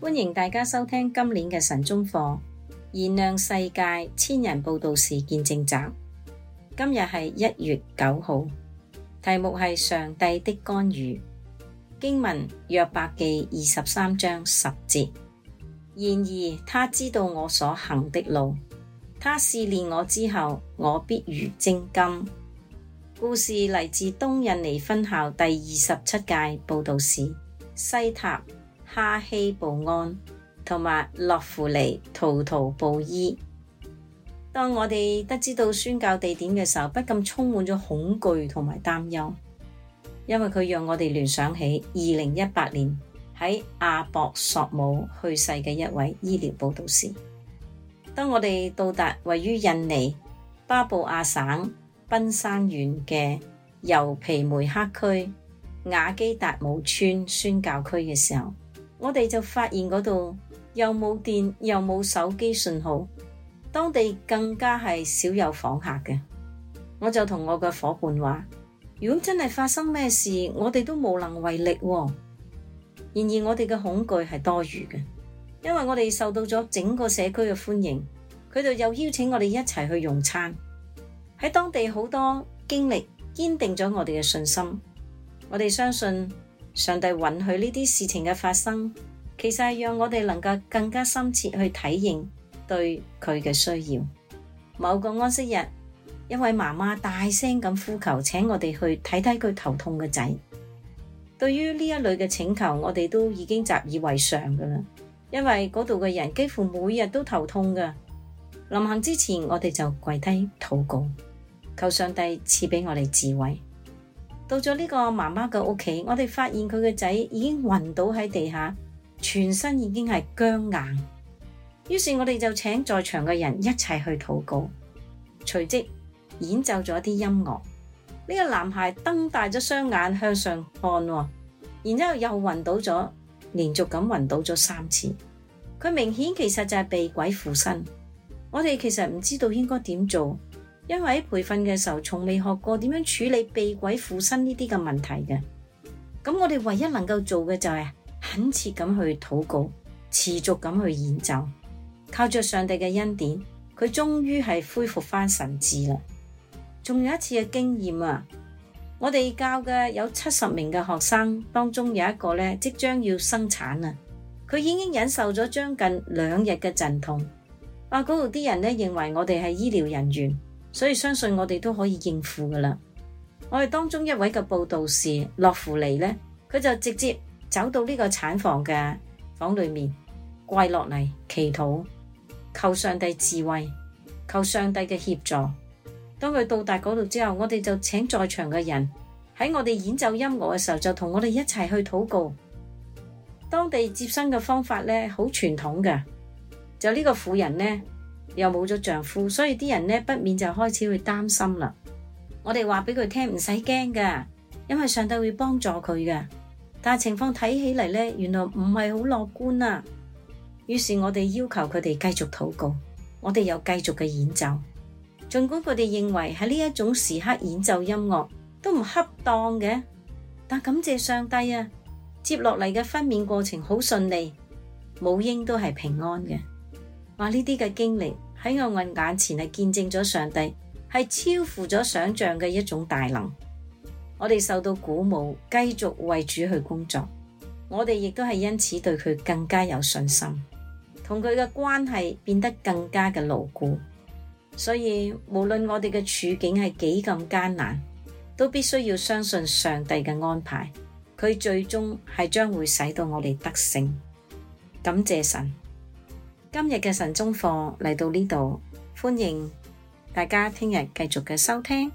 歡迎大家收聽今年嘅晨鐘課，燃亮世界千人佈道士見證集。今日係一月九號，題目係上帝的干預，經文約伯記二十三章十節。然而他知道我所行的路，他試煉我之後，我必如精金。故事嚟自東印尼分校第二十七屆佈道士西塔、哈希布安同埋洛夫尼圖圖布伊。當我哋得知到宣教地點嘅時候，不禁充滿咗恐懼同埋擔憂，因為佢讓我哋聯想起二零一八年喺阿博索姆去世嘅一位醫療佈道士。當我哋到達位於印尼巴布亞省賓山縣嘅尤皮梅克區雅基達姆村宣教區嘅時候。我哋就發現嗰度又冇電，又冇手機信號，當地更加係少有訪客嘅。我就同我嘅伙伴話：「如果真係發生咩事，我哋都無能為力喎。」然而，我哋嘅恐懼係多餘嘅，因為我哋受到咗整個社區嘅歡迎，佢哋又邀請我哋一齊去用餐。喺當地好多經歷，堅定咗我哋嘅信心。我哋相信。上帝允許呢啲事情嘅發生，其實係讓我哋能夠更加深切去體認對佢嘅需要。某個安息日，一位媽媽大聲咁呼求，請我哋去睇睇佢頭痛嘅仔。對於呢一類嘅請求，我哋都已經習以為常㗎喇，因為嗰度嘅人幾乎每日都頭痛㗎。臨行之前，我哋就跪低禱告，求上帝賜畀我哋智慧。到咗呢個媽媽嘅屋企，我哋發現佢個仔已經暈倒喺地下，全身已經係僵硬。於是，我哋就請在場嘅人一齊去禱告，隨即演奏咗啲音樂。呢、這個男孩瞪大咗雙眼向上看，然後又暈倒咗，連續咁暈倒咗三次。佢明顯其實就係被鬼附身。我哋其實唔知道應該點做。因為喺培訓嘅時候，從未學過點樣處理被鬼附身呢啲嘅問題嘅。咁我哋唯一能夠做嘅就係懇切咁去禱告，持續咁去研究，靠着上帝嘅恩典，佢終於係恢復翻神志啦。仲有一次嘅經驗啊，我哋教嘅有七十名嘅學生當中，有一個咧即將要生產啊，佢已經忍受咗將近兩日嘅陣痛。啊，嗰度啲人咧認為我哋係醫療人員。所以相信我哋都可以應付㗎喇。我哋當中一位嘅佈道士，洛芙尼呢，佢就直接走到呢個產房嘅房裏面跪落嚟，祈禱，求上帝智慧，求上帝嘅協助。當佢到達嗰度之後，我哋就請在場嘅人喺我哋演奏音樂嘅時候，就同我哋一齊去禱告。當地接生嘅方法呢，好傳統嘅，就呢個婦人呢。又冇咗丈夫，所以啲人呢，不免就開始會擔心啦。我哋話俾佢聽唔使驚噶，因為上帝會幫助佢噶。但係情況睇起嚟呢，原來唔係好樂觀啊。於是我哋要求佢哋繼續禱告，我哋又繼續嘅演奏。盡管佢哋認為喺呢一種時刻演奏音樂都唔恰當嘅，但感謝上帝啊，接落嚟嘅分娩過程好順利，母嬰都係平安嘅。話呢啲嘅經歷喺我我眼前係見證咗上帝係超乎咗想象嘅一種大能，我哋受到鼓舞，繼續為主去工作。我哋亦都係因此對佢更加有信心，同佢嘅關係變得更加嘅牢固。所以無論我哋嘅處境係幾咁艱難，都必須要相信上帝嘅安排，佢最終係將會使到我哋得勝。感謝神。今日嘅晨鐘課嚟到呢度，歡迎大家聽日繼續嘅收聽。